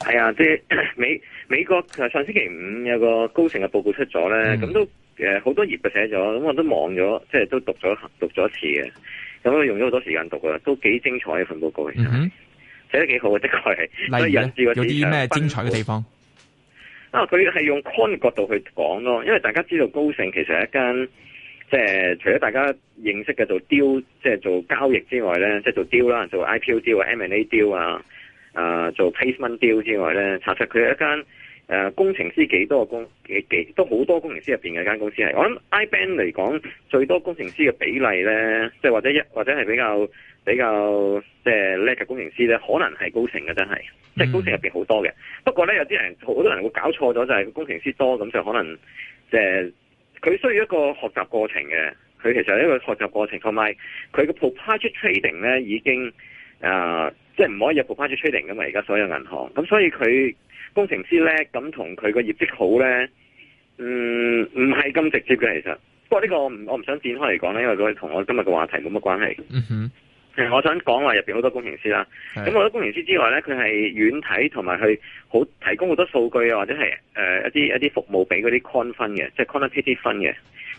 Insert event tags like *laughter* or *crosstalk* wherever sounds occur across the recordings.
係、哎、啊，即係美美國，上星期五有個高盛嘅報告出咗咧，咁、嗯、都誒好多頁就寫咗，咁我都望咗，即係都讀咗讀咗一次嘅，咁我用咗好多時間讀噶啦，都幾精彩嘅份報告其實，寫、嗯、得幾好啊，的確係。例如咧，有啲咩精彩嘅地方？啊，佢係用 con 角度去講咯，因為大家知道高盛其實係一間，即係除咗大家認識嘅做 deal，即係做交易之外咧，即係做 deal 啦，做 IPO deal 啊，M&A deal 啊。誒、呃、做 placement deal 之外咧，查實佢係一間誒、呃、工程師幾多個工幾幾都好多工程師入面嘅一間公司係。我諗 iBank 嚟講最多工程師嘅比例咧，即係或者一或者係比較比較即係叻嘅工程師咧，可能係高盛嘅真係，即係高盛入面好多嘅。不過咧，有啲人好多人會搞錯咗，就係、是、工程師多咁就可能即係佢需要一個學習過程嘅，佢其實係一個學習過程，同埋佢個 project trading 咧已經。啊、呃，即係唔可以入 prop trading 噶嘛？而家所有銀行咁，所以佢工程師叻咁，同佢個業績好咧，嗯，唔係咁直接嘅其實。不過呢個我唔我唔想展開嚟講咧，因為佢同我今日個話題冇乜關係。嗯哼，其實、嗯、我想講話入邊好多工程師啦。咁好多工程師之外咧，佢係遠睇同埋去好提供好多數據啊，或者係誒、呃、一啲一啲服務俾嗰啲 quant fund 嘅，即係 quantitative fund 嘅。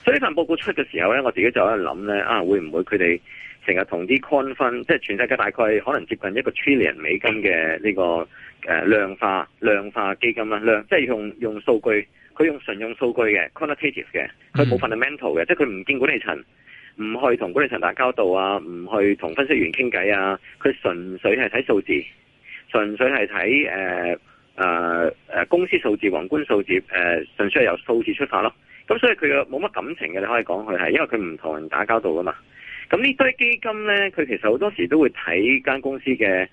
所以呢份報告出嘅時候咧，我自己就喺度諗咧，啊會唔會佢哋？成日同啲 quant fund，即係全世界大概可能接近一個 trillion 美金嘅呢、呢個誒、呃、量化量化基金啦，量即係用用數據，佢用純用數據嘅 quantitative 嘅，佢冇 fundamental 嘅，即係佢唔見管理層，唔去同管理層打交道啊，唔去同分析員傾偈啊，佢純粹係睇數字，純粹係睇誒公司數字、宏觀數字、呃、純粹係由數字出發咯。咁所以佢冇乜感情嘅，你可以講佢係因為佢唔同人打交道噶嘛。咁呢堆基金咧，佢其實好多時都會睇間公司嘅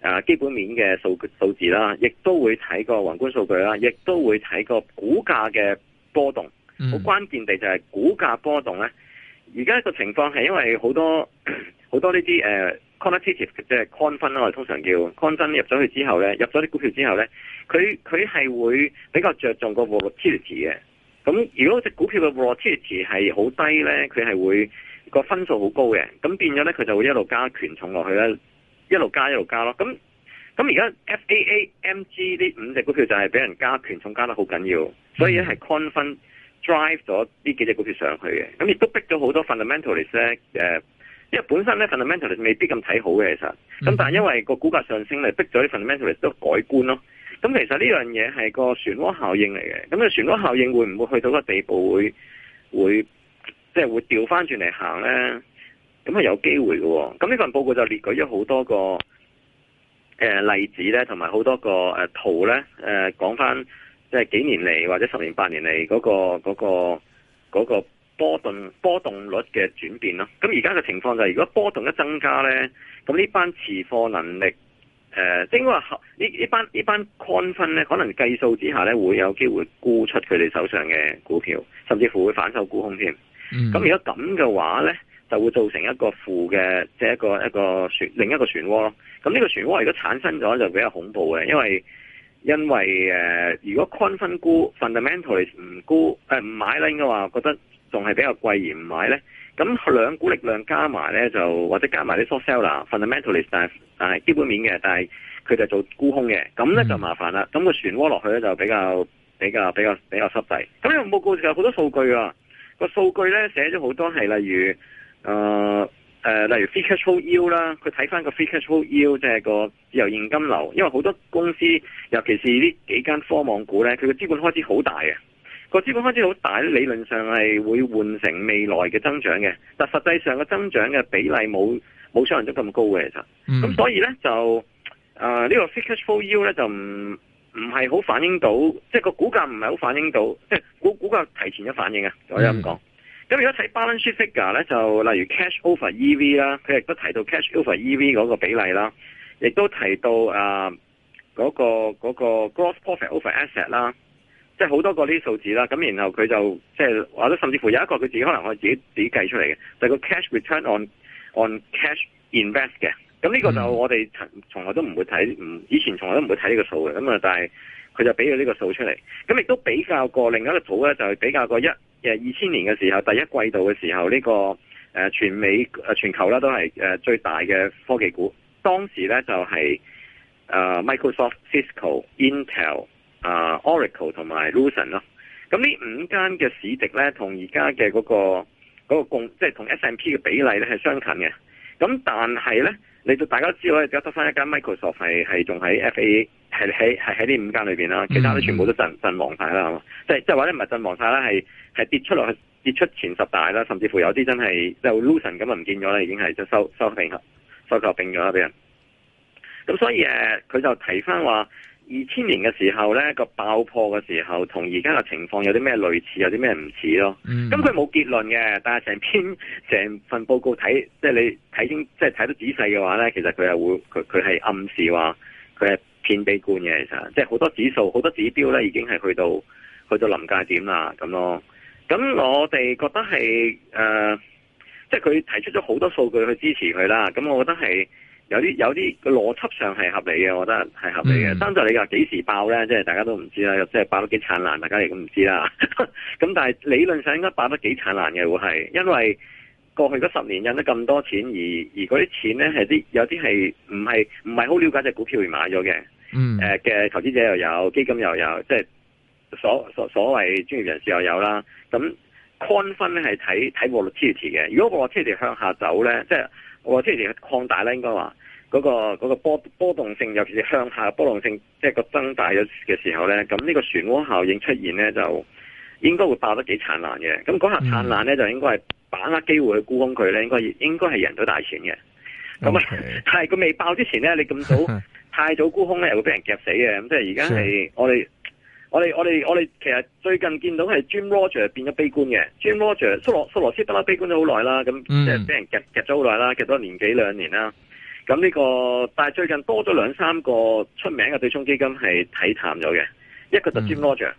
啊基本面嘅數數字啦，亦都會睇個宏觀數據啦，亦都會睇個股價嘅波動。好、嗯、關鍵地就係股價波動咧。而家個情況係因為好多好多呢啲誒 competitive 即係 confin 啦，我哋通常叫 confin 入咗去之後咧，入咗啲股票之後咧，佢佢係會比較着重個 volatility 嘅。咁如果隻股票嘅 volatility 係好低咧，佢係會，個分數好高嘅，咁變咗咧，佢就會一路加權重落去咧，一路加一路加咯。咁咁而家 FAAMG 呢五隻股票就係俾人加權重加得好緊要，所以咧係 confidence drive 咗呢幾隻股票上去嘅，咁亦都逼咗好多 fundamentalist 咧、呃，誒，因為本身咧 fundamentalist 未必咁睇好嘅其實，咁但係因為個股價上升咧，逼咗啲 fundamentalist 都改觀咯。咁其實呢樣嘢係個漩渦效應嚟嘅，咁啊漩渦效應會唔會去到個地步會？會即係會調翻轉嚟行呢，咁係有機會嘅、哦。咁呢份報告就列舉咗好多個誒、呃、例子呢，同埋好多個誒、呃、圖呢，誒講翻即係幾年嚟或者十年八年嚟嗰個嗰個嗰個嗰個波動波動率嘅轉變咯。咁而家嘅情況就係，如果波動一增加呢，咁呢班持貨能力誒，呃、即應該話呢呢班呢班 con fund 呢，可能計數之下呢，會有機會沽出佢哋手上嘅股票，甚至乎會反手沽空添。咁如果咁嘅話呢，就會造成一個負嘅，即係一個一個，一個另一個漩渦咯。咁呢個漩渦，如果產生咗就比較恐怖嘅，因為因為誒、呃，如果坤分估 fundamentalist 唔沽，唔、呃、買咧，應該話覺得仲係比較貴而唔買呢，咁兩股力量加埋呢，就或者加埋啲 short seller fundamentalist，但係基本面嘅，但係佢就做沽空嘅，咁呢就麻煩啦。咁個漩渦落去呢，就比較比較比較比較濕滯。咁有冇告實好多數據啊？個數據咧寫咗好多係，例如，誒、呃、誒、呃，例如 free cash flow yield 啦，佢睇翻個 free cash flow yield 即係個自由現金流，因為好多公司尤其是呢幾間科網股咧，佢個資本開支好大嘅，個資本開支好大理論上係會換成未來嘅增長嘅，但實際上個增長嘅比例冇冇想象中咁高嘅其實，咁、嗯、所以咧就誒呢、呃這個 free cash flow yield 咧就。唔係好反映到，即係個股價唔係好反映到，即係股股價提前一反映啊！可以咁講，咁、嗯、如果睇 balance sheet figure 咧，就例如 cash over EV 啦，佢亦都提到 cash over EV 嗰個比例啦，亦都提到啊嗰、呃嗰個嗰、嗰個 gross profit over asset 啦，即係好多個啲數字啦。咁然後佢就即係或者甚至乎有一個佢自己可能我自己自己計出嚟嘅，就係個 cash return on on cash invest 嘅。咁呢個就我哋從來都唔會睇，唔以前從來都唔會睇呢個數嘅，咁啊，但係佢就俾咗呢個數出嚟，咁亦都比較過另一個圖咧，就係、是、比較過一誒二千年嘅時候第一季度嘅時候呢、這個、呃、全美全球咧都係、呃、最大嘅科技股，當時咧就係、是呃、Microsoft Cisco, Intel、呃、Cisco、Intel、啊 Oracle 同埋 Lucen 咯，咁呢五間嘅市值咧同而家嘅嗰個嗰、那個共即係同 S&P 嘅比例咧係相近嘅，咁但係咧。你大家都知道，而家得翻一間 Microsoft 係係仲喺 FA 係喺係喺呢五間裏邊啦，其他都全部都陣陣亡晒啦，係嘛？即係即係話咧唔係陣亡晒啦，係係跌出落去跌出前十大啦，甚至乎有啲真係就是、losing 咁唔見咗啦，已經係就收收併收收併咗俾人。咁所以誒、啊，佢就提翻話。二千年嘅時候呢，個爆破嘅時候同而家嘅情況有啲咩類似，有啲咩唔似咯？咁佢冇結論嘅，但係成篇成份報告睇，即係你睇清，即係睇得仔細嘅話呢，其實佢係會佢佢係暗示話佢係偏悲觀嘅，其實即係好多指數、好多指標呢，已經係去到去到臨界點啦咁咯。咁我哋覺得係誒、呃，即係佢提出咗好多數據去支持佢啦。咁我覺得係，有啲有啲個邏輯，上係合理嘅，我覺得係合理嘅。生就你話幾時爆呢？即係大家都唔知啦。即係爆得幾燦爛，大家亦都唔知啦。咁 *laughs* 但係理論上應該爆得幾燦爛嘅會係，因為過去嗰十年印得咁多錢，而而嗰啲錢呢，係啲有啲係唔係唔係好了解隻股票而買咗嘅。嘅、mm. 投、呃、資者又有基金又有，即係所所所謂專業人士又有啦。咁 c o n 係睇睇過率支嘅。如果過率向下走呢？即我話之前擴大呢，應該話嗰、嗰個波動性，尤其是向下波動性，即係個增大咗嘅時候呢，咁呢個漩渦效應出現呢，就應該會爆得幾燦爛嘅。咁嗰下燦爛呢，就應該係把握機會去沽空佢咧，應該應該係贏咗大錢嘅。咁啊，但係佢未爆之前呢，你咁早 *laughs* 太早沽空呢，又會俾人夾死嘅。咁即係而家係我哋。我哋我哋我哋，其實最近見到係 Jim Roger 變咗悲觀嘅，Jim Roger 蘇羅蘇羅斯得啦悲觀咗好耐啦，咁即係俾人夾夾咗好耐啦，夾咗年幾兩年啦。咁呢、這個，但係最近多咗兩三個出名嘅對沖基金係睇淡咗嘅，一個就 Jim Roger，咁、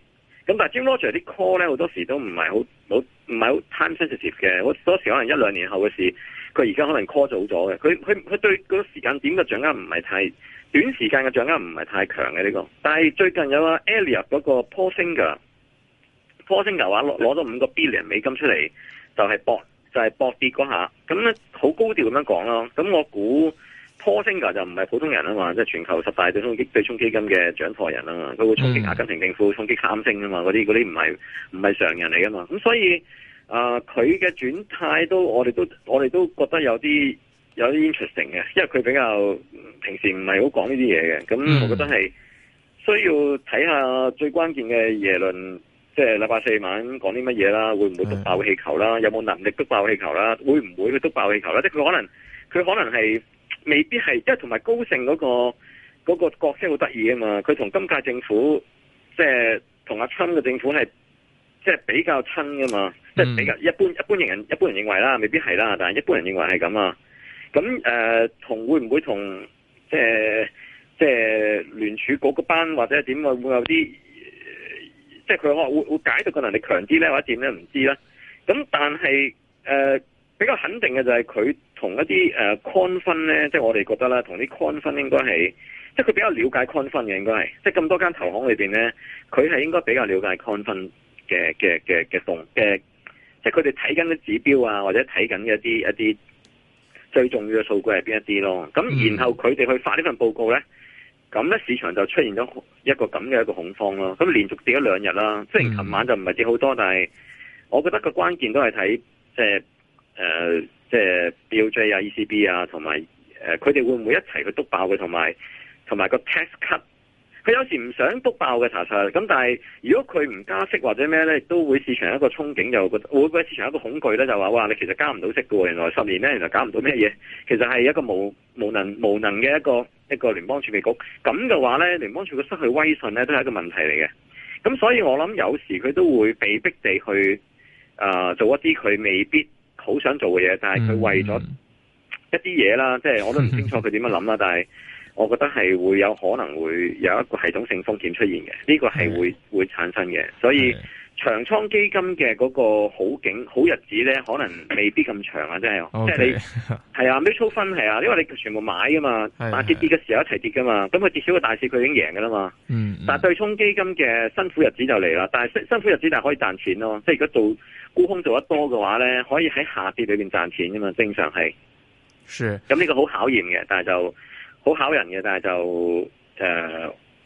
嗯、但係 Jim Roger 啲 call 咧好多時都唔係好好。唔係好 time sensitive 嘅，好多時可能一兩年後嘅事，佢而家可能 call 早咗嘅。佢佢佢對嗰個時間點嘅掌握唔係太短時間嘅掌握唔係太強嘅呢、這個。但係最近有個 Elliott 嗰個波 Paul Singer 嘅波 Paul Singer 話，攞攞咗五個 billion 美金出嚟，就係、是、搏就係、是、搏跌嗰下。咁咧好高調咁樣講咯。咁我估。Paul Singer 就唔係普通人啊嘛，即係全球十大對沖、對沖基金嘅掌舵人啊嘛，佢會衝擊阿根廷政府，衝擊三星啊嘛，嗰啲啲唔係唔係常人嚟噶嘛，咁所以啊，佢嘅轉態都我哋都我哋都覺得有啲有啲 interesting 嘅，因為佢比較平時唔係好講呢啲嘢嘅，咁我覺得係需要睇下最關鍵嘅耶倫即係禮拜四晚講啲乜嘢啦，會唔會篤爆氣球啦、嗯，有冇能力篤爆氣球啦，會唔會去篤爆氣球啦，即係佢可能佢可能係。未必係，因為同埋高盛嗰、那個那個角色好得意啊嘛！佢同今屆政府，即係同阿川嘅政府係，即、就、係、是、比較親噶嘛，即、嗯、係、就是、比較一般一般人一般人認為啦，未必係啦，但係一般人認為係咁啊。咁誒同會唔會同即係即係聯儲局嗰班或者點啊會有啲、呃，即係佢可能會解讀嘅能力強啲咧，或者點咧唔知道啦。咁但係誒、呃、比較肯定嘅就係佢，同一啲誒 c o n 咧，即係我哋覺得啦，同啲 c o n 應該係，即係佢比較了解 c o n 嘅應該係，即係咁多間投行裏面咧，佢係應該比較了解 c o n 嘅嘅嘅嘅動嘅，其實佢哋睇緊啲指標啊，或者睇緊嘅一啲一啲最重要嘅數據係邊一啲咯。咁然後佢哋去發呢份報告咧，咁咧市場就出現咗一個咁嘅一個恐慌咯。咁連續跌咗兩日啦，雖然琴晚就唔係跌好多，但係我覺得個關鍵都係睇即係誒、呃，即係 BOJ 啊、ECB 啊，同埋誒，佢、呃、哋會唔會一齊去督爆佢？同埋同埋個 tax cut，佢有時唔想督爆嘅查實。咁但係如果佢唔加息或者咩咧，都會市場一個憧憬，就覺得會唔會市場一個恐懼咧，就話哇，你其實加唔到息嘅喎，原來十年咧，原來搞唔到咩嘢。其實係一個無無能無能嘅一個一個聯邦儲備局。咁嘅話咧，聯邦儲備局失去威信咧，都係一個問題嚟嘅。咁所以我諗有時佢都會被逼地去誒、呃、做一啲佢未必。好想做嘅嘢，但係佢為咗一啲嘢啦，即、嗯、係、就是、我都唔清楚佢點樣諗啦。 *laughs* 但係我覺得係會有可能會有一個系統性風險出現嘅，呢、這個係會、嗯、會產生嘅，所以。嗯長倉基金嘅嗰個好景好日子咧，可能未必咁長啊！真、okay. 係，即係你係啊 Mutual Fund 係啊，因為你全部買㗎嘛， *laughs* 但係跌跌嘅時候一齊跌噶嘛，咁佢至少個大市佢已經贏噶啦嘛。嗯,嗯，但係對沖基金嘅辛苦日子就嚟啦，但係辛辛苦日子但係可以賺錢咯，即係如果做沽空做得多嘅話咧，可以喺下跌裏邊賺錢噶嘛，正常係。是。咁、嗯、呢、這個好考驗嘅，但係就好考人嘅，但係就誒。呃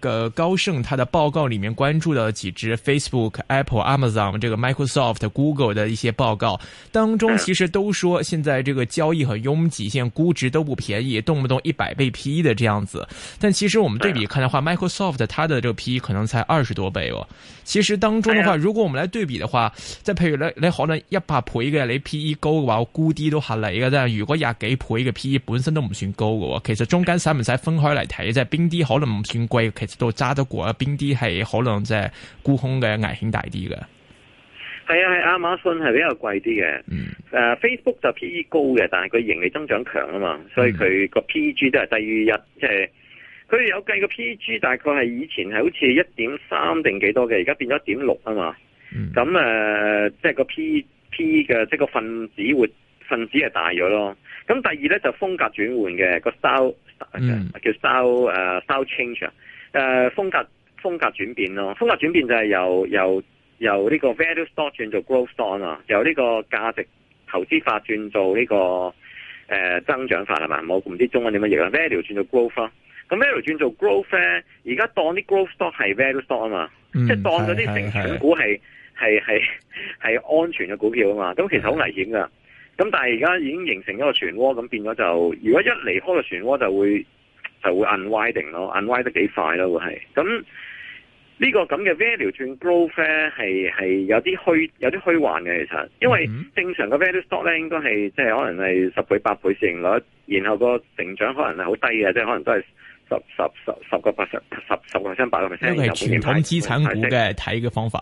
個 *noise* 高盛他的報告裏面關注的幾隻 Facebook、Apple、Amazon 這個 Microsoft、Google 的一些報告當中，其實都說現在這個交易很擁擠線，現在估值都不便宜，動不動一百倍 PE 的這樣子。但其實我們對比看的話，Microsoft 它的這個 PE 可能才二十多倍哦。其實當中的話，如果我們來對比的話，再配來來好了一百倍一個雷 PE 高個話，估低都喊雷個。但如果廿幾倍個 PE 本身都唔算高個，其實中間使唔使分開嚟睇，即係邊啲可能唔算貴，其都揸得過啊？邊啲係可能即係沽空嘅危險大啲嘅？係啊，係亞馬遜係比較貴啲嘅。嗯。誒、uh,Facebook 就 P E 高嘅，但係佢盈利增長強啊嘛，所以佢個 P E G 都係低於一。即係佢有計個 P E G，大概係以前係好似一點三定幾多嘅，而家變咗一點六啊嘛。咁、嗯、誒，即係、呃就是、個 P E 嘅，即、就、係、是、個分子會分子係大咗咯。咁第二咧就是、風格轉換嘅個 style、嗯、叫 style 誒、uh, style change。誒、呃、風格風格轉變咯，風格轉變就係由由由呢個 value stock 轉做 growth stock 啊，由呢個價值投資法轉做呢、這個誒、呃、增長法啊嘛，我唔知中文點樣形啦，value 轉做 growth 咁 value 轉做 growth 咧，而家當啲 growth stock 係 value stock 啊、嗯、嘛，即係當咗啲成長股係係係安全嘅股票啊嘛，咁其實好危險噶，咁但係而家已經形成一個漩渦，咁變咗就如果一離開個漩渦就會。就會 unwinding 咯，unwind 得幾快咯，會係咁呢個咁嘅 value 轉 growth 呢係係有啲虛有啲虛幻嘅其實，因為正常嘅 value stock 呢應該係即係可能係十倍八倍市盈率，然後個成長可能係好低嘅，即係可能都係。十十十十個 percent，十十個 percent，一百個 percent。呢個係傳統資產股嘅睇嘅方法，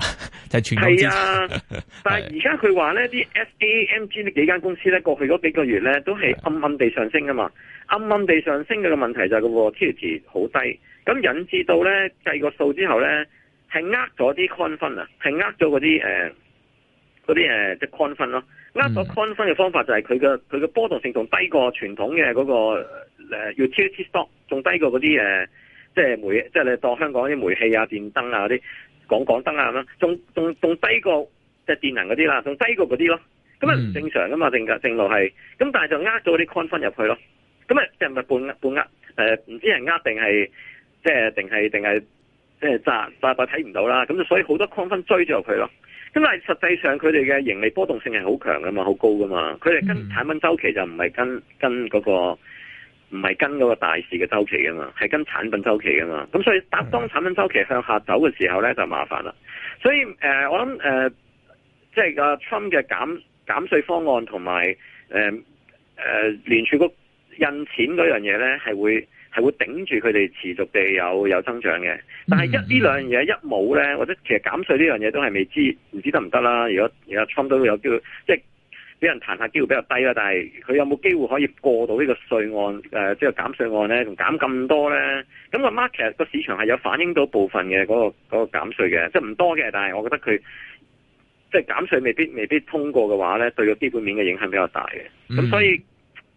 就係傳統資產。係啊，但係而家佢話咧，啲 S A M G 呢幾間公司咧，過去嗰幾個月咧，都係暗暗地上升噶嘛，暗暗地上升嘅問題就係個 T I 蝕好低，咁引致到咧計個數之後咧，係呃咗啲 con 分啊，係呃咗嗰啲誒嗰啲誒即係 con 分咯，呃咗 con 分嘅方法就係佢嘅佢嘅波動性仲低過傳統嘅嗰、那個。誒要 cheap 啲 stock，仲低過嗰啲誒，即係煤，即係你當香港啲煤氣啊、電燈啊嗰啲港港燈啊咁樣，仲仲仲低過即係電能嗰啲啦，仲低過嗰啲咯。咁啊唔正常噶嘛，正正路係，咁但係就呃咗啲 coin fund 入去咯。咁啊即係咪半半呃？誒唔知人呃定係即係定係定係即係砸砸睇唔到啦。咁就所以好多 coin fund 追咗入去咯。咁但係實際上佢哋嘅盈利波動性係好強噶嘛，好高噶嘛。佢哋跟產品周期就唔係跟跟嗰個。唔係跟嗰個大市嘅周期㗎嘛，係跟產品周期㗎嘛，咁所以當產品周期向下走嘅時候呢，就麻煩啦。所以誒、呃，我諗誒，即係阿 Trump 嘅減減稅方案同埋誒誒，聯儲局印錢嗰樣嘢呢，係會係會頂住佢哋持續地有，有增長嘅。但係一、嗯、這兩件一呢兩樣嘢一冇咧，或者其實減稅呢樣嘢都係未知，唔知得唔得啦。如果而家 Trump 都有機會，即、係俾人彈下機會比較低啦，但係佢有冇機會可以過到呢個稅案？誒、呃，即係減稅案咧，同減咁多咧？咁個 market 個市場係有反映到部分嘅嗰個嗰個減稅嘅，即係唔多嘅，但係我覺得佢即係減稅未必未必通過嘅話咧，對個基本面嘅影響比較大嘅。咁、嗯、所以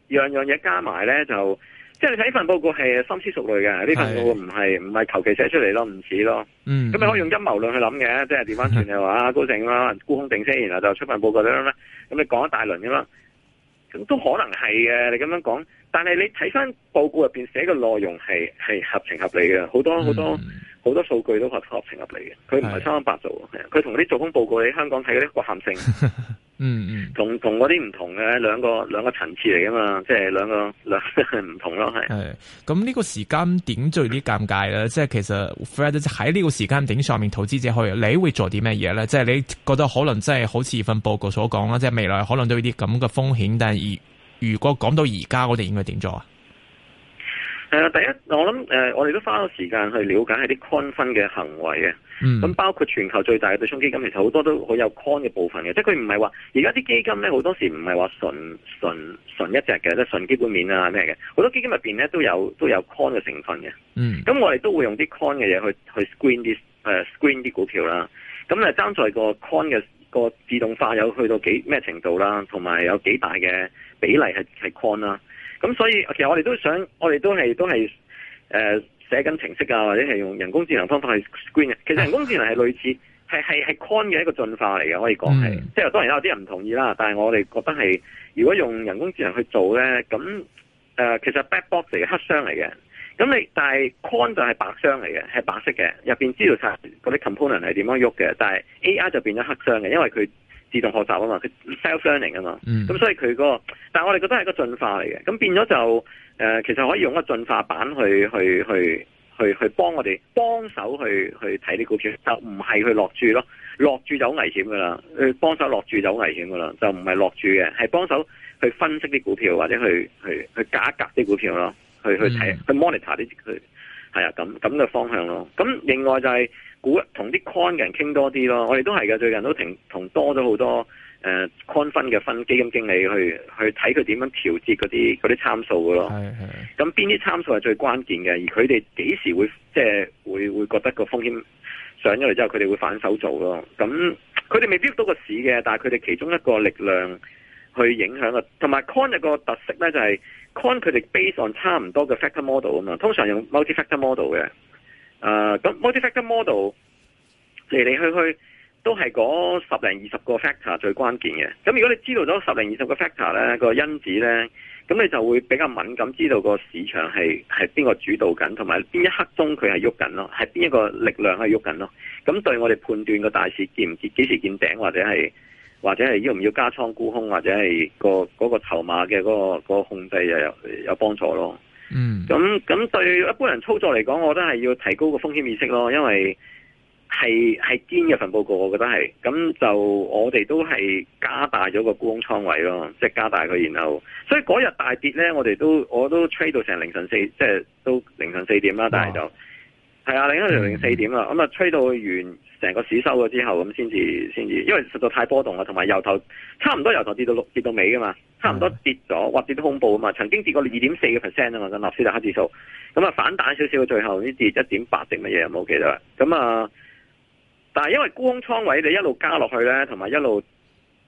樣樣嘢加埋咧就。即係你睇呢份報告係深思熟慮嘅，呢份報告唔係唔係求其寫出嚟咯，唔似咯。咁你可以用陰謀論去諗嘅，即係調翻轉就話,的話、嗯、高盛啦沽空定息，然後就出份報告咁啦。咁你講一大輪咁啦，咁都可能係嘅。你咁樣講，但係你睇翻報告入邊寫嘅內容係係合情合理嘅，好、嗯、多好多好、嗯、多數據都合合情合理嘅。佢唔係差唔多白做，佢同啲做空報告喺香港睇嗰啲局限性。 *laughs* 嗯嗯，同同嗰啲唔同嘅，兩個兩個層次嚟噶嘛，即係兩個兩唔同咯，係。係咁呢個時間點最啲尷尬啦，即係其實，Fred 喺呢個時間點上面，投資者去你會做啲咩嘢咧？即係你覺得可能即係好似份報告所講啦，即係未來可能都有啲咁嘅風險，但係如如果講到而家，我哋應該點做啊？係啊，第一，我諗誒、呃，我哋都花咗時間去了解係啲 con 分嘅行為嘅。咁、嗯、包括全球最大嘅對沖基金其實好多都好有 con 嘅部分嘅，即係佢唔係話而家啲基金咧好多時唔係話純純純一隻嘅，即係純基本面啊咩嘅。好多基金入邊咧都有都有 con 嘅成分嘅。咁、嗯、我哋都會用啲 con 嘅嘢去去 screen 啲誒、uh, screen 啲股票啦。咁誒，爭在個 con 嘅個自動化有去到幾咩程度啦，同埋有，有幾大嘅比例係係 con 啦。咁所以其實我哋都想，我哋都係都係誒、呃、寫緊程式啊，或者係用人工智能方法去 screen 嘅。其實人工智能係類似係係係 con 嘅一個進化嚟嘅，可以講係、嗯。即係當然有啲人唔同意啦，但係我哋覺得係如果用人工智能去做咧，咁誒、呃、其實 black box 嚟嘅黑箱嚟嘅。咁你但係 con 就係白箱嚟嘅，係白色嘅，入面知道曬嗰啲 component 係點樣喐嘅。但係 AI 就變咗黑箱嘅，因為佢。自動學習啊嘛，佢 self-learning 啊嘛，咁、嗯、所以佢嗰個，但我哋覺得係一個進化嚟嘅，咁變咗就誒、呃，其實可以用一個進化版去去去去去幫我哋幫手去去睇啲股票，就唔係去落注咯，落注就好危險噶啦，去幫手落注就好危險噶啦，就唔係落注嘅，係幫手去分析啲股票或者去去去隔一格啲股票咯、嗯，去去睇去 monitor 啲佢係啊咁咁嘅方向咯，咁另外就係、是。股同啲 coin 嘅人傾多啲咯，我哋都係嘅，最近都停同多咗好多誒、呃、coin 分嘅分基金經理去去睇佢點樣調節嗰啲啲參數嘅咯。咁邊啲參數係最關鍵嘅？而佢哋幾時會即係會會覺得個風險上咗嚟之後，佢哋會反手做咯。咁佢哋未必到個市嘅，但係佢哋其中一個力量去影響啊。同埋 coin 有個特色呢，就係、是、coin 佢哋 based on 差唔多嘅 factor model 啊嘛，通常用 multi factor model 嘅。誒，咁 multi factor model 嚟嚟去去都係嗰十零二十個 factor 最關鍵嘅。咁如果你知道咗十零二十個 factor 咧、個因子咧，咁你就會比較敏感，知道個市場係係邊個主導緊，同埋邊一刻鐘佢係喐緊咯，係邊一個力量係喐緊咯。咁對我哋判斷個大市見唔見幾時見頂，或者係或者係要唔要加倉沽空，或者係、個嗰、個籌碼嘅嗰、個、個控制又有有幫助咯。嗯，咁咁對一般人操作嚟講，我覺得係要提高個風險意識咯，因為係係堅嘅份報告，我覺得係，咁就我哋都係加大咗個沽空倉位咯，即係加大佢，然後所以嗰日大跌咧，我哋都我都 trade 到成凌晨四，即係都凌晨四點啦，但係就係啊，另一頭凌晨四點啦，咁、嗯、啊，吹到完。成個市收咗之後，咁先至先至，因為實在太波動啦，同埋由頭差唔多由頭跌到跌到尾噶嘛，差唔多跌咗，或跌到恐怖啊嘛，曾經跌過二點四個 percent 啊嘛，咁納斯達克指數，咁啊反彈少少，最後呢跌一點八定乜嘢，冇記得啦，咁啊，但係因為沽空倉位你一路加落去咧，同埋一路。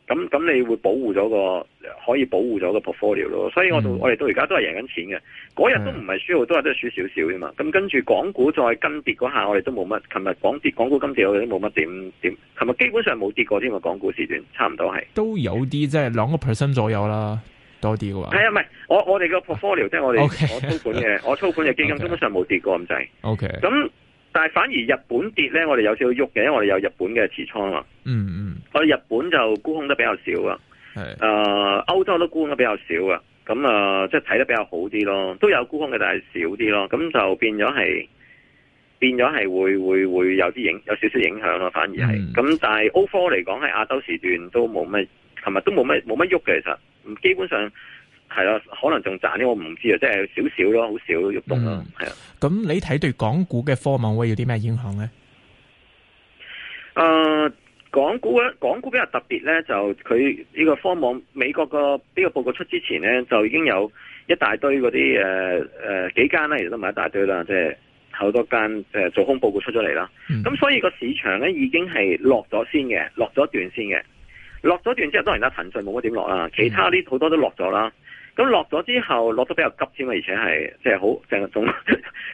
咁咁你會保護咗個可以保護咗個 portfolio 咯，所以我到、嗯、我哋到而家都係贏緊錢嘅，嗰日都唔係輸好多，都係都係輸少少啫嘛。咁跟住港股再跟跌嗰下我，我哋都冇乜。琴日港跌，港股今次跌，我哋都冇乜點點。琴日基本上冇跌過添啊，港股時段差唔多係都有啲，即係兩個 percent 左右啦，多啲嘅話。係啊，唔係我我哋個 portfolio 即係我哋、okay, 我操盤嘅， *laughs* 我操盤嘅基金根本上冇跌過咁滯。O K，咁。但係反而日本跌咧，我哋有少少喐嘅，因為我哋有日本嘅持倉啊。嗯嗯，我哋日本就沽空得比較少啊。係、mm -hmm. 呃，誒，歐洲都沽空得比較少啊。咁、嗯、啊、呃，即係睇得比較好啲咯，都有沽空嘅，但係少啲咯。咁就變咗係變咗係會會會有啲影，有少少影響咯。反而係，咁、mm -hmm. 但係歐科嚟講喺亞洲時段都冇乜，琴日都冇乜冇乜喐嘅，其實，基本上。係啊，可能仲賺啲。我唔知啊，即係少少咯，好少郁動咯，係、嗯、啊。咁你睇對港股嘅科網會有啲咩影響咧？誒、呃，港股港股比較特別咧，就佢呢個科網，美國個呢個報告出之前咧，就已經有一大堆嗰啲誒誒幾間咧，其實都唔係一大堆啦，即係好多間誒、呃、做空報告出咗嚟啦。咁、嗯、所以個市場咧已經係落咗先嘅，落咗一段先嘅，落咗段之後當然啦，騰訊冇乜點落啦，其他啲好多都落咗啦。嗯咁落咗之後，落得比較急添啊，而且係即係好正中。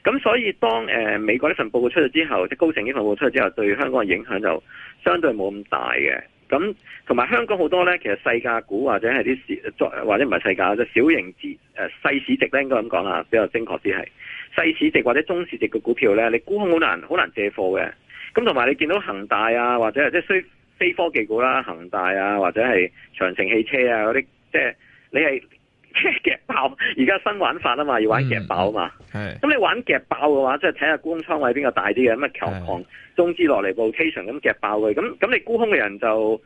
咁所以當、呃、美國呢份報告出咗之後，即係高盛呢份報告出咗之後，對香港嘅影響就相對冇咁大嘅。咁同埋香港好多呢，其實細價股或者係啲市，或者唔係細價，即小型資誒細市值呢應該咁講啦，比較精確啲係細市值或者中市值嘅股票呢，你沽空好難，好難借貨嘅。咁同埋你見到恒大啊，或者係即係非科技股啦、啊，恒大啊，或者係長城汽車啊嗰啲，即係你係。夾爆，而家新玩法啊嘛，要玩夾爆啊嘛。係、嗯，咁你玩夾爆嘅話，即係睇下沽空倉位邊個大啲嘅，咁啊，強控中資落嚟 position 咁，夾爆佢，咁咁你沽空嘅人就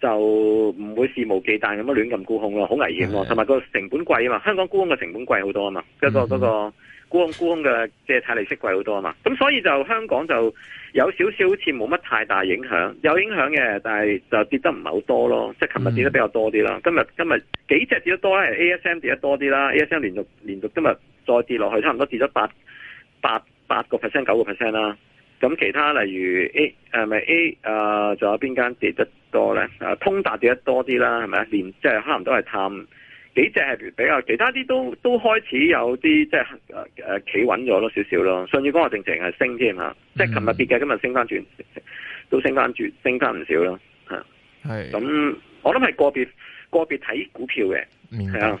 就唔會肆無忌憚咁樣亂撳沽空咯，好危險，同埋個成本貴啊嘛，香港沽空嘅成本貴好多啊嘛，個、嗰個。嗰個嗯光光嘅借貸利息貴好多啊嘛，咁所以就香港就有少少好似冇乜太大影響，有影響嘅，但係就跌得唔係好多咯，即係琴日跌得比較多啲啦。今日今日幾隻跌得多咧？A S M 跌得多啲啦，A S M 連續連續今日再跌落去，差唔多跌咗八八八個 percent、九個 percent 啦。咁其他例如 A 誒咪 A 啊、呃，仲有邊間跌得多咧、啊？通達跌得多啲啦，係咪啊？連即係可能都係探。幾隻係比較，其他啲都都開始有啲即係誒誒企穩咗咯，少少咯。上次光華正正係升添吓，嗯、即係琴日跌嘅，今日升翻轉，都升翻轉，升翻唔少囉。吓、嗯。係咁，我諗係個別個別睇股票嘅，係啊。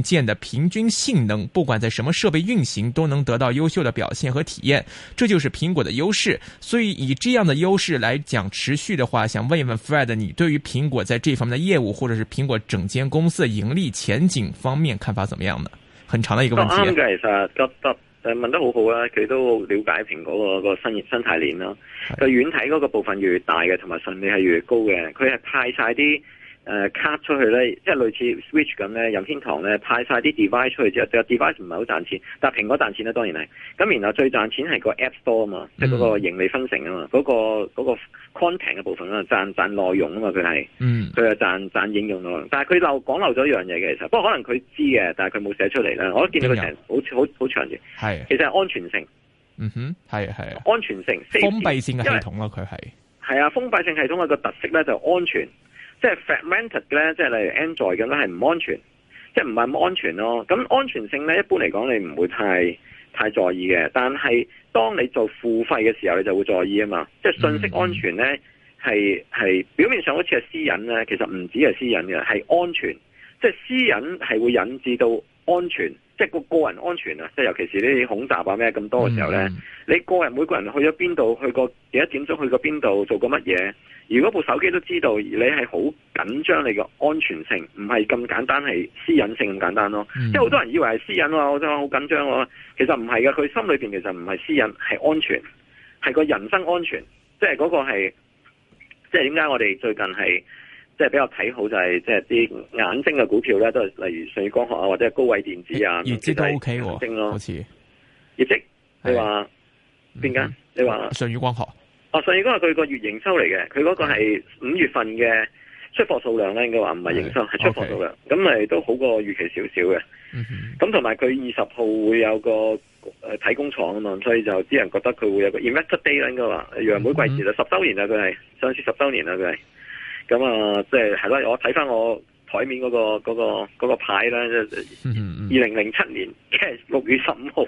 建的平均性能，不管在什麼設備運行都能得到優秀的表現和體驗，這就是蘋果的優勢。所以以這樣的優勢來講，持續的話，想問一問 Fred，你對於蘋果在這方面的業務，或者是蘋果整間公司的盈利前景方面看法怎麼樣呢？很長的一個問題。其實覺得問得好好啊，佢都了解蘋果個個生生態鏈啦。佢軟體個部分越大嘅，同埋純利係越，越高嘅，佢係派晒啲。誒、呃、卡出去咧，即係類似 Switch 咁咧，任天堂咧派晒啲 device 出去之後，但 device 唔係好賺錢，但蘋果賺錢咧，當然係。咁然後最賺錢係個 App Store 啊嘛，嗯、即係嗰個盈利分成啊嘛，嗰、嗰個、嗰個、content 嘅部分啊嘛，賺賺內容啊嘛，佢係，佢、嗯、係賺賺應用內容。但係佢漏講漏咗一樣嘢嘅其實，不過可能佢知嘅，但係佢冇寫出嚟啦。我見到佢成好似好好長嘅，係、啊、其實係安全性，嗯哼，係係、啊啊、安全性，safe，封閉性嘅系統咯、啊，佢係係啊，封閉性系統一個特色咧就是、安全。即係 fragmented 嘅咧，即係例如 Android 咁咧係唔安全，即係唔係咁安全咯。咁安全性咧一般嚟講你唔會太太在意嘅，但係當你做付費嘅時候你就會在意啊嘛。即係信息安全咧係係表面上好似係私隱咧，其實唔止係私隱嘅，係安全。即係私隱係會引致到。安全，即係個個人安全啊！即係尤其是呢啲恐襲啊咩咁多嘅時候呢，嗯？你個人每個人去咗邊度，去過幾多點鐘，去過邊度，做過乜嘢？如果部手機都知道，你係好緊張你嘅安全性，唔係咁簡單係私隱性咁簡單咯，嗯。即係好多人以為係私隱啊，我想好緊張啊，其實唔係噶，佢心裏邊其實唔係私隱，係安全，係個人生安全，即係嗰個係，即係點解我哋最近係？即係比較睇好就係、是、即係啲眼睛嘅股票咧，都係例如舜宇光學啊，或者係高偉電子啊，業績都 OK 喎，好似業績你話邊間？你話舜宇光學？哦，舜宇光學佢個月營收嚟嘅，佢嗰個係五月份嘅出貨數量咧，應該話唔係營收，係出貨數量，咁咪都好過預期少少嘅。咁同埋佢二十號會有個誒睇、呃、工廠啊嘛，所以就啲人覺得佢會有個 investor day 應該話，因為每季時就十週年啦、啊，佢係上市十週年啦、啊，佢係。咁、嗯、啊，即係係咯，我睇翻我台面嗰、那個嗰、那個嗰、那個牌啦，二零零七年即係六月十五號，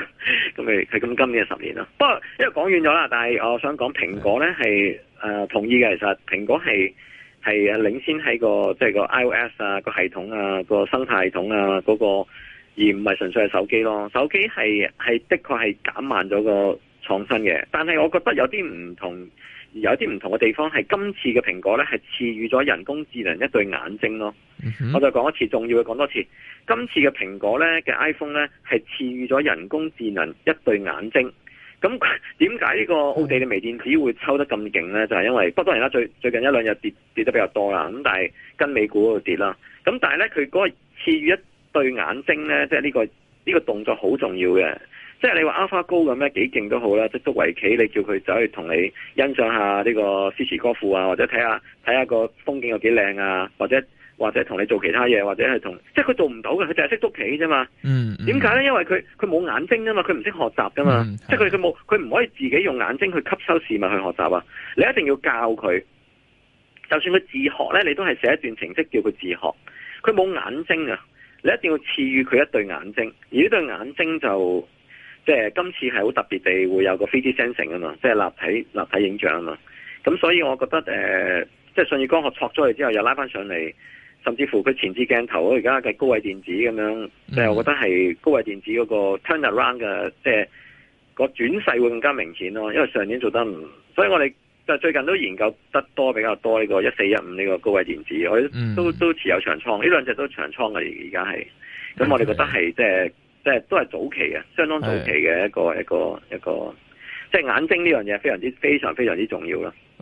咁咪係咁，今年十年啦。不過因為講遠咗啦，但係我想講蘋果呢係誒、呃、同意嘅，其實蘋果係係領領先喺個即係、就是、個 iOS 啊個系統啊個生態系統啊嗰、那個，而唔係純粹係手機咯。手機係係的確係減慢咗個創新嘅，但係我覺得有啲唔同。有啲唔同嘅地方係今次嘅蘋果呢係賜予咗人工智能一對眼睛咯，mm -hmm. 我再講一次重要嘅，講多次。今次嘅蘋果呢嘅 iPhone 呢係賜予咗人工智能一對眼睛。咁點解呢個奧地利微電子會抽得咁勁呢？就係、是、因為不單係啦，最最近一兩日跌跌得比較多啦，咁但係跟美股嗰度跌啦。咁但係呢，佢嗰個賜予一對眼睛呢，即係、這、呢個呢、這個動作好重要嘅。即係你話阿花高咁咧，幾勁都好啦。即係捉圍棋，你叫佢走去同你欣賞下呢個詩詞歌賦啊，或者睇下睇下個風景有幾靚啊，或者或者同你做其他嘢，或者係同即係佢做唔到嘅，佢就係識捉棋啫嘛。嗯，點解咧？因為佢佢冇眼睛啊嘛，佢唔識學習噶嘛，即係佢佢冇佢唔可以自己用眼睛去吸收事物去學習啊。你一定要教佢，就算佢自學咧，你都係寫一段程式叫佢自學。佢冇眼睛啊，你一定要賜予佢一對眼睛，而呢對眼睛就。即係今次係好特別地會有個 3D sensing 啊嘛，即係立體立體影像啊嘛，咁所以我覺得、呃、即係信義光學挫咗佢之後又拉翻上嚟，甚至乎佢前置鏡頭而家嘅高偉電子咁樣，mm -hmm. 即係我覺得係高偉電子嗰個 turnaround 嘅，即係個轉勢會更加明顯咯，因為上年做得唔，所以我哋就最近都研究得多比較多呢個一四一五呢個高偉電子，我哋都都持有長倉，呢兩隻都長倉嘅而家係，咁我哋覺得係、mm -hmm. 即係。即係都係早期嘅，相當早期嘅一個一個一個，即係、就是、眼睛呢樣嘢非常之非常非常之重要啦。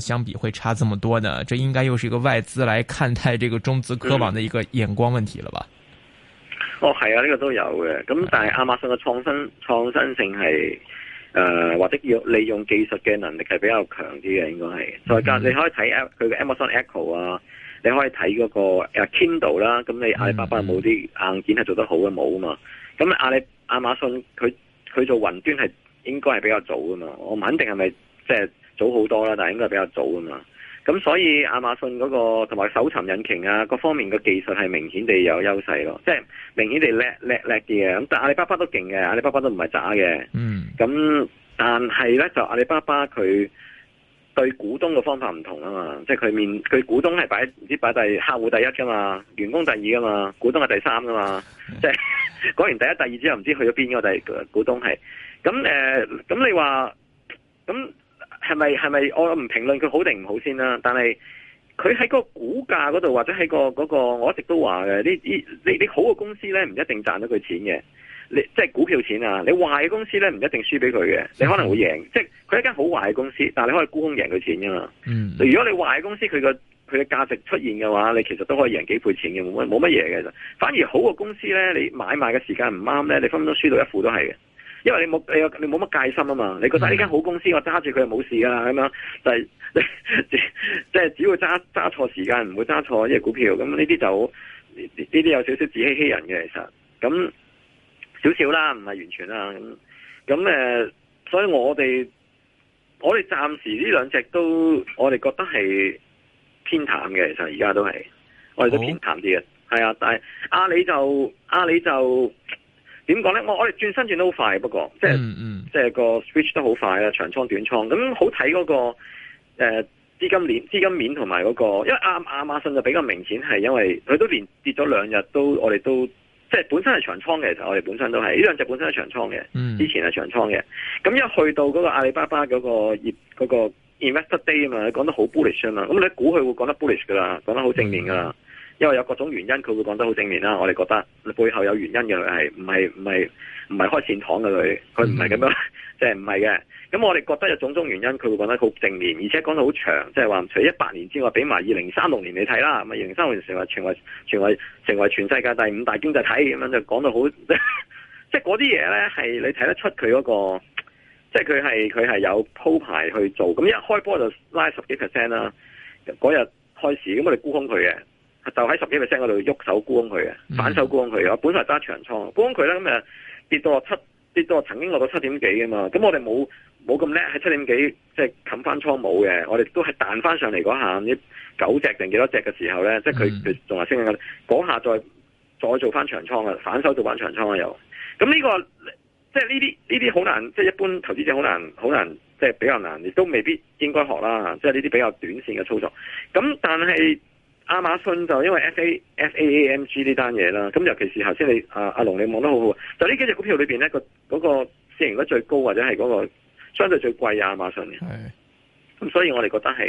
相比會差這麼多呢？這應該又是一個外資來看待這個中資科網的一個眼光問題了吧？嗯、哦係啊，呢、這個都有嘅。咁但係亞馬遜嘅創新創新性係誒、呃，或者要利用技術嘅能力係比較強啲嘅，應該係。再、嗯、加你可以睇，佢嘅 Amazon Echo 啊，你可以睇嗰個誒 Kindle 啦、啊。咁你阿里巴巴冇啲硬件係做得好嘅冇啊嘛。咁阿里亞馬遜佢佢做雲端係應該係比較早噶嘛。我唔肯定係咪即係。就是早好多啦，但係應該比較早啊嘛。咁所以亞馬遜嗰、嗰個同埋搜尋引擎啊，各方面嘅技術係明顯地有優勢咯，即係明顯地叻叻叻嘅。咁但阿里巴巴都勁嘅，阿里巴巴都唔係渣嘅。嗯。咁、嗯、但係咧，就阿里巴巴佢對股東嘅方法唔同啊嘛，即係佢面佢股東係擺唔知擺第客戶第一㗎嘛，員工第二㗎嘛，股東係第三㗎嘛。即係講完第一、第二之後，唔知去咗邊個第股東係。咁咁、呃、你話咁？係咪係咪？是是我唔評論佢好定唔好先啦、啊。但係佢喺個股價嗰度，或者喺、那個嗰、那個，我一直都話嘅，呢呢你你，你好嘅公司咧，唔一定賺到佢錢嘅。你即係、就是、股票錢啊！你壞嘅公司咧，唔一定輸俾佢嘅。你可能會贏、嗯，即係佢一間好壞嘅公司，但係你可以沽空贏佢錢噶嘛、嗯。如果你壞嘅公司，佢個佢嘅價值出現嘅話，你其實都可以贏幾倍錢嘅，冇乜嘢嘅。反而好嘅公司咧，你買賣嘅時間唔啱咧，你分分鐘輸到一副都係嘅。因為你冇你你冇乜戒心啊嘛，你覺得呢間好公司我揸住佢就冇事噶啦咁樣，就即、是、係 *laughs* 只要揸揸錯時間唔會揸錯呢隻股票，咁呢啲就呢啲有少少自欺欺人嘅其實，咁少少啦，唔係完全啦咁咁誒，所以我哋我哋暫時呢兩隻都我哋覺得係偏淡嘅，其實而家都係我哋都偏淡啲嘅，係、哦、啊，但係阿里就阿里就。點講咧？我我哋轉身轉得好快，不過即係、mm -hmm. 即係個 switch 都好快啦，長倉短倉咁好睇嗰個誒資金鏈、資金面同埋嗰個，因為阿阿亞馬遜就比較明顯係因為佢都連跌咗兩日都我哋都即係本身係長倉嘅，其實我哋本身都係呢兩隻本身係長倉嘅，mm -hmm. 之前係長倉嘅，咁一去到嗰個阿里巴巴嗰個業嗰個 Investor Day 啊嘛，你講得好 bullish 啊嘛，咁你估佢會講得 bullish 噶啦，講得好正面噶啦。Mm -hmm. 因為有各種原因，佢會講得好正面啦。我哋覺得你背後有原因嘅，佢係唔係唔係唔係開善堂嘅佢，佢唔係咁樣，即係唔係嘅。咁我哋覺得有種種原因，佢會講得好正面，而且講得好長，即係話除一百年之外，畀埋二零三六年你睇啦。咁啊，二零三六年成為全為全為成為全世界第五大經濟體，咁樣就講到好，即係嗰啲嘢咧係你睇得出佢嗰、嗰個，即係佢係佢係有鋪排去做。咁一開波就拉十幾 percent 啦，嗰、啊、日開始，咁我哋沽空佢嘅。就喺十幾 percent 嗰度喐手沽空佢嘅，反手沽空佢，我本來揸長倉，沽空佢咧，咁誒跌到落七，跌到曾經落到七點幾啊嘛！咁我哋冇冇咁叻，喺七點幾即係冚翻倉冇嘅，我哋都係彈翻上嚟嗰下，呢九隻定幾多隻嘅時候咧，即係佢仲係升緊，嗰下再再做翻長倉啊！反手做翻長倉啊又，咁呢個即係呢啲呢啲好難，即係一般投資者好難好難，即係比較難，亦都未必應該學啦。即係呢啲比較短線嘅操作，咁但係。亞馬遜就因為 FA, F A A M G 呢單嘢啦，咁尤其是頭先你阿阿龍你望得好，好，就呢幾隻股票裏邊咧、嗰個個市盈率最高或者係嗰個相對最貴啊，亞馬遜，係，咁所以我哋覺得係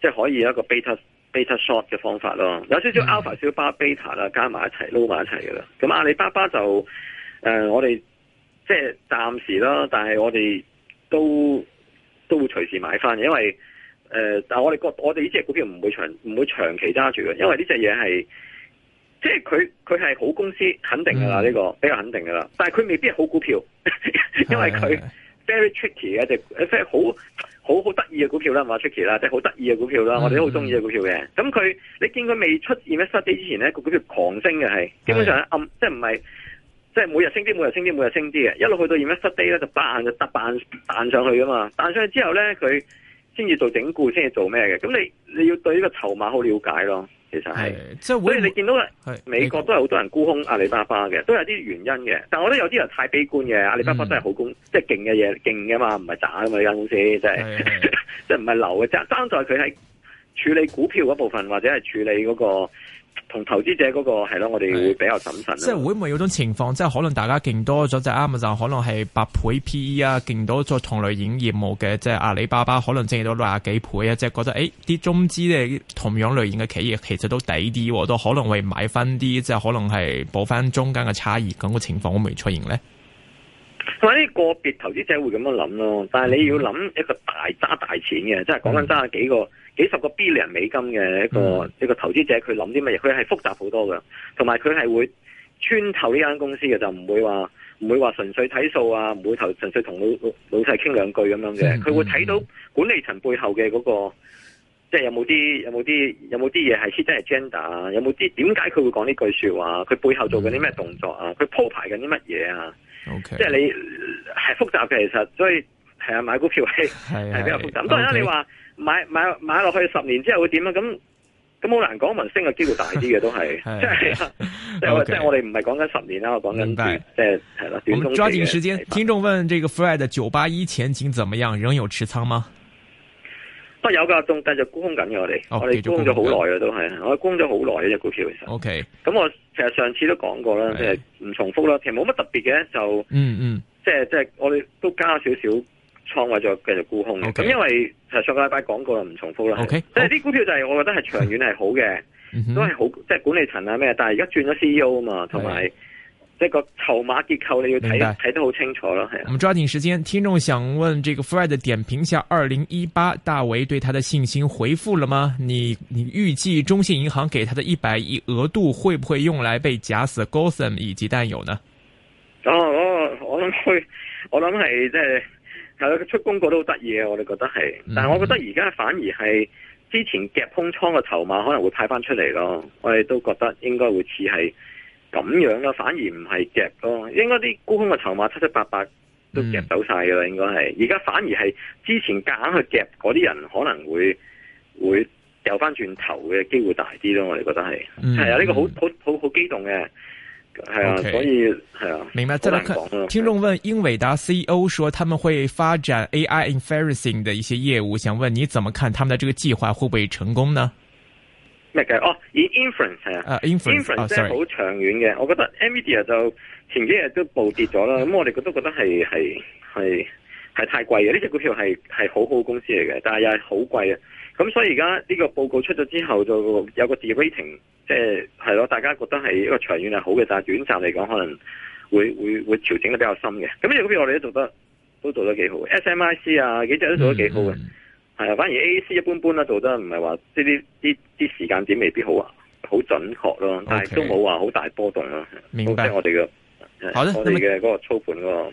即係可以一個 beta beta short 嘅方法咯，有少少 alpha 小巴 beta 啦，加埋一齊撈埋一齊噶啦，咁阿里巴巴就誒、呃、我哋即係暫時啦，但係我哋都都會隨時買翻嘅，因為。誒、呃，但係我哋覺得我哋呢隻股票唔會長唔會長期揸住嘅，因為呢隻嘢係，即係佢佢係好公司肯定噶啦，呢、mm -hmm. 這個比較肯定噶啦，但係佢未必係好股票，mm -hmm. 因為佢 very tricky 一隻，即係好好好得意嘅股票啦 very tricky 啦，即係好得意嘅股票啦，mm -hmm. 我哋都好中意嘅股票嘅。咁佢你見佢未出現喺 study 之前呢，個股票狂升嘅係，基本上暗、mm -hmm. 即係唔係，即係每日升啲，每日升啲，每日升啲嘅，一路去到出現喺 study 就爆就突彈上去噶嘛，彈上去之後咧佢。先至做整固，先至做咩嘅？咁你你要對呢個籌碼好了解咯。其實係，所以你見到美國都係好多人沽空阿里巴巴嘅，都有啲原因嘅。但係我覺得有啲人太悲觀嘅，阿里巴巴都係好公，即係勁嘅嘢，勁嘅嘛，唔係打噶嘛，呢間公司真係，即係唔係流嘅，爭在佢喺處理股票嗰部分，或者係處理嗰、那個。同投資者嗰、那個係咯，我哋會比較審慎。即係會唔會有種情況，即係可能大家勁多咗隻 Amazon，可能係百倍 PE 啊，勁多咗同類型業務嘅，即係阿里巴巴可能升到六廿幾倍啊，即係覺得誒，啲、欸、中資咧同樣類型嘅企業其實都抵啲，都可能會買翻啲，即係可能係補翻中間嘅差異咁嘅情況，會唔會出現咧？嗱，啲個別投資者會咁樣諗咯，但係你要諗一個大揸、嗯、大錢嘅，即係講緊揸十幾個。嗯幾十個 billion 美金嘅一個呢、嗯、個投資者，佢諗啲乜嘢？佢係複雜好多嘅，同埋佢係會穿透呢間公司嘅,就唔會話唔會話純粹睇數啊，唔會頭純粹同老老老細傾兩句咁樣嘅，佢、嗯、會睇到管理層背後嘅嗰、那個，即、就、係、是、有冇啲有冇啲有冇啲嘢係 hidden 係 agenda 啊？有冇啲點解佢會講呢句說話？佢背後做緊啲咩動作啊？佢、嗯、鋪排緊啲乜嘢啊？即、okay, 係你係複雜嘅，其實所以係啊，買股票係係比較複雜。咁當然啦，你話。買買買落去十年之後會點啊？咁咁好難講，聞升嘅機會大啲嘅都係，即係即係我哋唔係講緊十年啦，我講緊即係係啦。我們抓緊時間，聽眾問：這個 Fred 九八一前景怎麼樣？仍有持倉嗎？都、哦、有噶，仲繼續沽空緊嘅我哋，我哋沽空咗好耐嘅都係，我沽咗好耐嘅隻股票其實。OK，咁我其實上次都講過啦，即係唔重複啦，其實冇乜特別嘅就嗯嗯，即係即係我哋都加少少。倉位就繼續沽空咁、okay. 因為上個禮拜講過，唔重複啦。Okay. 即係啲股票就係、是 okay. 我覺得係長遠係好嘅，mm -hmm. 都係好即係管理層啊咩，但係而家轉咗 CEO 啊嘛，同、mm、埋 -hmm. 即係個籌碼結構你要睇睇得好清楚咯。係。我們抓緊時間，聽眾想問這個 Fred 點評下二零一八，大維對他的信心回復了嗎？你你預計中信銀行給他的一百億額度會不會用來被夾死 Goldman 以及淡友呢？哦，我諗會，我諗係即係。我係佢出公告都好得意啊，我哋覺得係。但係我覺得而家反而係之前夾空倉嘅籌碼可能會派翻出嚟咯。我哋都覺得應該會似係咁樣咯，反而唔係夾咯。應該啲沽空嘅籌碼七七八八都夾走晒噶啦，嗯、應該係。而家反而係之前夾硬去夾嗰啲人，可能會會有翻轉頭嘅機會大啲咯。我哋覺得係。係、嗯、啊、嗯、呢、這個好好好好激動嘅。係啊，Okay. 所以係啊，明白。再來看，啊、聽眾問英偉達 CEO 說他們會發展 AI inferencing 的一些業務，想問你怎麼看他們的這個計劃會不會成功呢？咩嘅？哦，以 inference 係啊，啊、uh, inference，sorry，inference,、oh, 好、就是、長遠嘅。我覺得 NVIDIA 就前幾日都暴跌咗啦。咁我哋都覺得係係係係太貴嘅。呢隻股票係係好好公司嚟嘅，但係又係好貴嘅。咁所以而家呢個報告出咗之後就個，就有個 de-rating，即係係咯，大家覺得係一個長遠係好嘅，但係短暫嚟講可能會，會，會調整得比較深嘅。咁呢個股我哋都做得都、啊、做得幾好，SMIC 啊幾隻都做得幾好嘅，啊、嗯。反而 A C 一般般啦，做得唔係話啲啲啲啲時間點未必好啊，好準確咯，okay, 但係都冇話好大波動咯。即、okay, 明白我哋嘅，我哋嘅嗰個操盤嗰、那個。